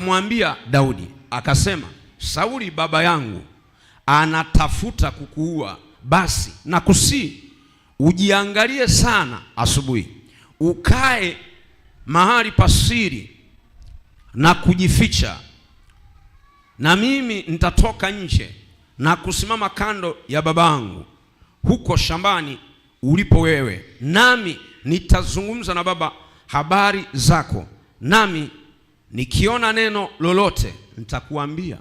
Mwambia Daudi akasema, Sauli baba yangu anatafuta kukuua, basi na kusi ujiangalie sana asubuhi, ukae mahali pasiri na kujificha, na mimi nitatoka nje na kusimama kando ya babangu huko shambani ulipo wewe, nami nitazungumza na baba habari zako, nami nikiona neno lolote nitakuambia.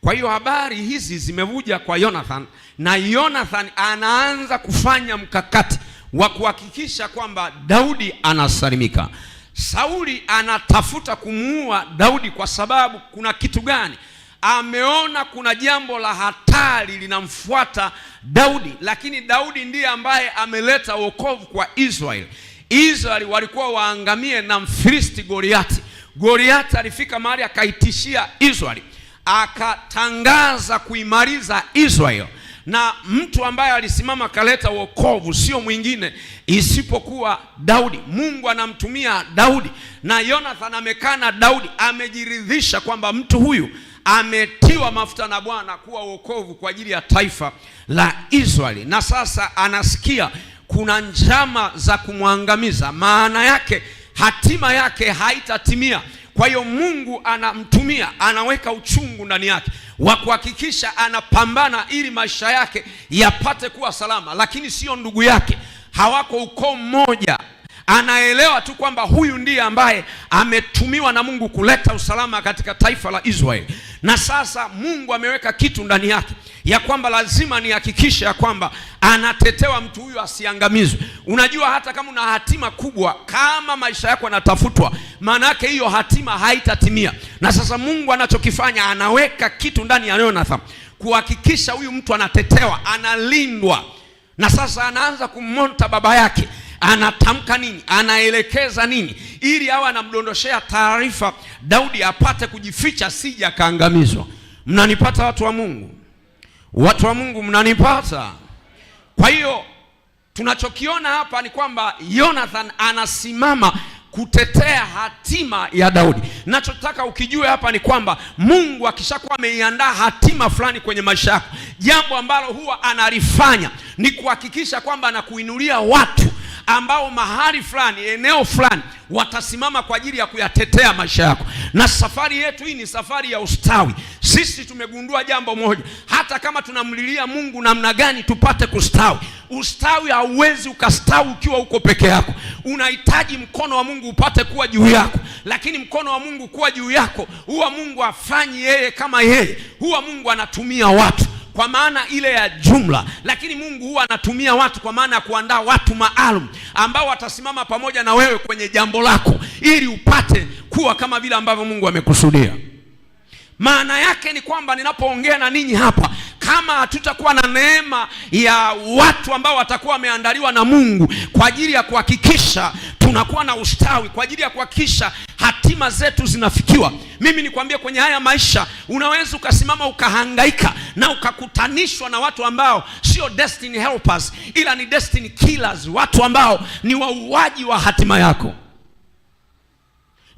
Kwa hiyo habari hizi zimevuja kwa Jonathan na Jonathan anaanza kufanya mkakati wa kuhakikisha kwamba Daudi anasalimika. Sauli anatafuta kumuua Daudi kwa sababu kuna kitu gani? Ameona kuna jambo la hatari linamfuata Daudi, lakini Daudi ndiye ambaye ameleta wokovu kwa Israeli. Israeli walikuwa waangamie na Mfilisti Goliati Goliath alifika mahali akaitishia Israeli, akatangaza kuimaliza Israeli, na mtu ambaye alisimama akaleta wokovu sio mwingine isipokuwa Daudi. Mungu anamtumia Daudi, na Jonathan amekaa na Daudi, amejiridhisha kwamba mtu huyu ametiwa mafuta na Bwana kuwa wokovu kwa ajili ya taifa la Israeli, na sasa anasikia kuna njama za kumwangamiza. Maana yake hatima yake haitatimia. Kwa hiyo Mungu anamtumia, anaweka uchungu ndani yake wa kuhakikisha anapambana ili maisha yake yapate kuwa salama, lakini sio ndugu yake, hawako ukoo mmoja. Anaelewa tu kwamba huyu ndiye ambaye ametumiwa na Mungu kuleta usalama katika taifa la Israeli, na sasa Mungu ameweka kitu ndani yake ya kwamba lazima nihakikishe ya kwamba anatetewa mtu huyu asiangamizwe. Unajua, hata kama una hatima kubwa, kama maisha yako yanatafutwa maana yake hiyo hatima haitatimia. Na sasa Mungu anachokifanya anaweka kitu ndani ya Yonathan kuhakikisha huyu mtu anatetewa, analindwa. Na sasa anaanza kumonta baba yake, anatamka nini, anaelekeza nini, ili awe anamdondoshea taarifa Daudi apate kujificha, sija akaangamizwa. Mnanipata watu wa Mungu? Watu wa Mungu, mnanipata? Kwa hiyo tunachokiona hapa ni kwamba Yonathan anasimama kutetea hatima ya Daudi. Nachotaka ukijue hapa ni kwamba Mungu akishakuwa ameiandaa hatima fulani kwenye maisha yako, jambo ambalo huwa analifanya ni kuhakikisha kwamba anakuinulia watu ambao mahali fulani, eneo fulani, watasimama kwa ajili ya kuyatetea maisha yako. Na safari yetu hii ni safari ya ustawi. Sisi tumegundua jambo moja, hata kama tunamlilia Mungu namna gani tupate kustawi, ustawi hauwezi ukastawi ukiwa uko peke yako. Unahitaji mkono wa Mungu upate kuwa juu yako, lakini mkono wa Mungu kuwa juu yako, huwa Mungu afanyi yeye kama yeye, huwa Mungu anatumia watu kwa maana ile ya jumla, lakini Mungu huwa anatumia watu kwa maana ya kuandaa watu maalum ambao watasimama pamoja na wewe kwenye jambo lako ili upate kuwa kama vile ambavyo Mungu amekusudia. Maana yake ni kwamba ninapoongea na ninyi hapa kama hatutakuwa na neema ya watu ambao watakuwa wameandaliwa na Mungu kwa ajili ya kuhakikisha tunakuwa na ustawi, kwa ajili ya kuhakikisha heshima zetu zinafikiwa. Mimi nikwambie, kwenye haya maisha unaweza ukasimama ukahangaika na ukakutanishwa na watu ambao sio destiny helpers, ila ni destiny killers, watu ambao ni wauaji wa hatima yako.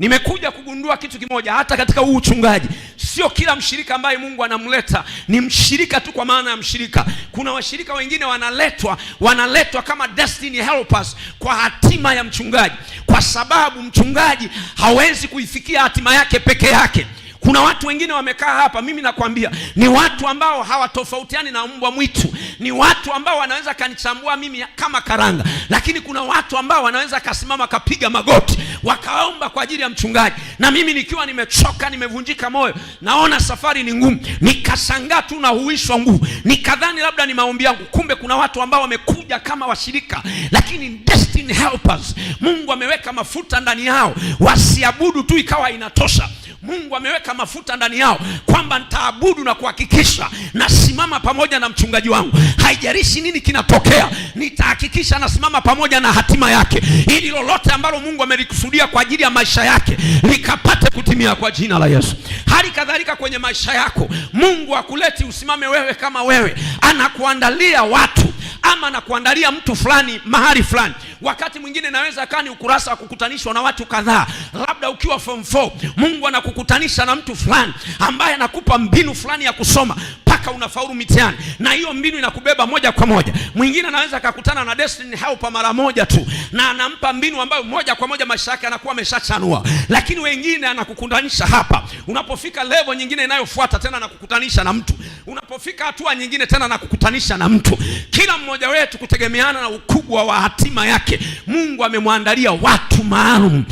Nimekuja kugundua kitu kimoja, hata katika huu uchungaji, sio kila mshirika ambaye Mungu anamleta ni mshirika tu kwa maana ya mshirika. Kuna washirika wengine wanaletwa, wanaletwa kama destiny helpers kwa hatima ya mchungaji, kwa sababu mchungaji hawezi kuifikia hatima yake peke yake. Kuna watu wengine wamekaa hapa, mimi nakwambia ni watu ambao hawatofautiani na mbwa mwitu, ni watu ambao wanaweza kanichambua mimi kama karanga, lakini kuna watu ambao wanaweza kasimama kapiga magoti wakaomba kwa ajili ya mchungaji, na mimi nikiwa nimechoka, nimevunjika moyo, naona safari ni ngumu, nikashangaa tu na huishwa nguvu, nikadhani labda ni maombi yangu, kumbe kuna watu ambao wamekuja kama washirika, lakini destiny helpers, Mungu ameweka mafuta ndani yao, wasiabudu tu ikawa inatosha Mungu ameweka mafuta ndani yao kwamba nitaabudu na kuhakikisha nasimama pamoja na mchungaji wangu, haijalishi nini kinatokea, nitahakikisha nasimama pamoja na hatima yake, ili lolote ambalo Mungu amelikusudia kwa ajili ya maisha yake likapate kutimia kwa jina la Yesu. Hali kadhalika kwenye maisha yako, Mungu akuleti usimame wewe kama wewe, anakuandalia watu ama nakuandalia mtu fulani mahali fulani. Wakati mwingine naweza kaa ni ukurasa wa kukutanishwa na watu kadhaa, labda ukiwa form 4 Mungu anakukutanisha na mtu fulani ambaye anakupa mbinu fulani ya kusoma mpaka unafaulu mitihani, na hiyo mbinu inakubeba moja kwa moja. Mwingine anaweza akakutana na destiny help mara moja tu, na anampa mbinu ambayo moja kwa moja maisha yake anakuwa ameshachanua, lakini wengine anakukutanisha hapa. Unapofika level nyingine inayofuata tena anakukutanisha na mtu, unapofika hatua nyingine tena anakukutanisha na mtu. Kila mmoja wetu kutegemeana na ukubwa wa hatima yake, Mungu amemwandalia watu maalum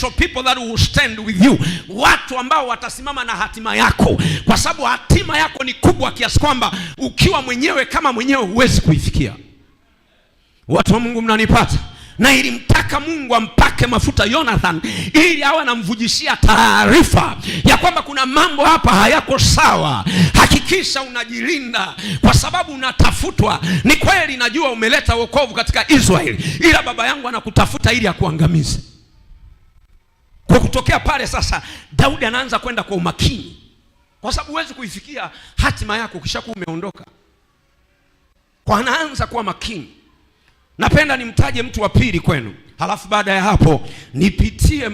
special people that will stand with you, watu ambao watasimama na hatima yako, kwa sababu hatima yako ni kubwa kiasi kwamba ukiwa mwenyewe kama mwenyewe huwezi kuifikia. Watu wa Mungu, mnanipata? na ilimtaka Mungu ampake mafuta Jonathan ili awe anamvujishia taarifa ya kwamba kuna mambo hapa hayako sawa. Hakikisha unajilinda kwa sababu unatafutwa. Ni kweli, najua umeleta wokovu katika Israeli, ila baba yangu anakutafuta ili akuangamize. Kwa kutokea pale sasa, Daudi anaanza kwenda kwa umakini, kwa sababu huwezi kuifikia hatima yako ukishakuwa umeondoka. Kwa anaanza kuwa makini. Napenda nimtaje mtu wa pili kwenu, halafu baada ya hapo nipitie